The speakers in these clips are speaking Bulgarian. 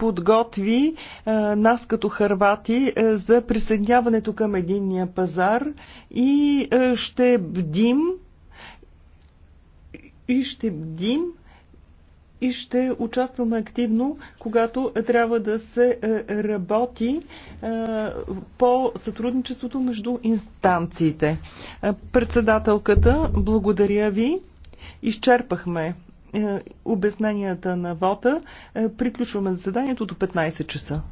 подготви а, нас като хървати а, за присъединяването към единния пазар и а, ще бдим и ще бдим и ще участваме активно, когато трябва да се работи по сътрудничеството между инстанциите. Председателката, благодаря ви. Изчерпахме е, обясненията на вота. Е, приключваме заседанието до 15 часа.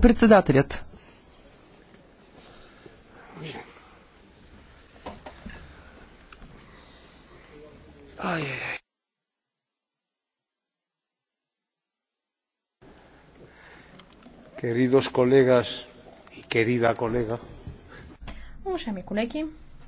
Председателят. Ай, Queridos colegas y querida colega. Уважаеми колеги,